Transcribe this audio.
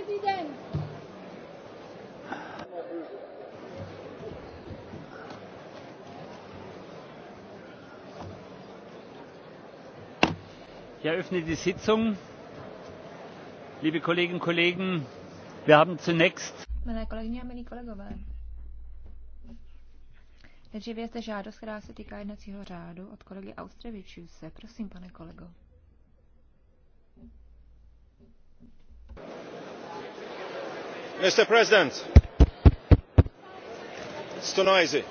prezident. Ich eröffne die Sitzung. Liebe Kolleginnen und Kollegen, wir haben zunächst. Milé kolegyně a milí kolegové, nejdříve je zde žádost, která se týká jednacího řádu od kolegy Austrevičů se. Prosím, pane kolego. mr president it is too noisy.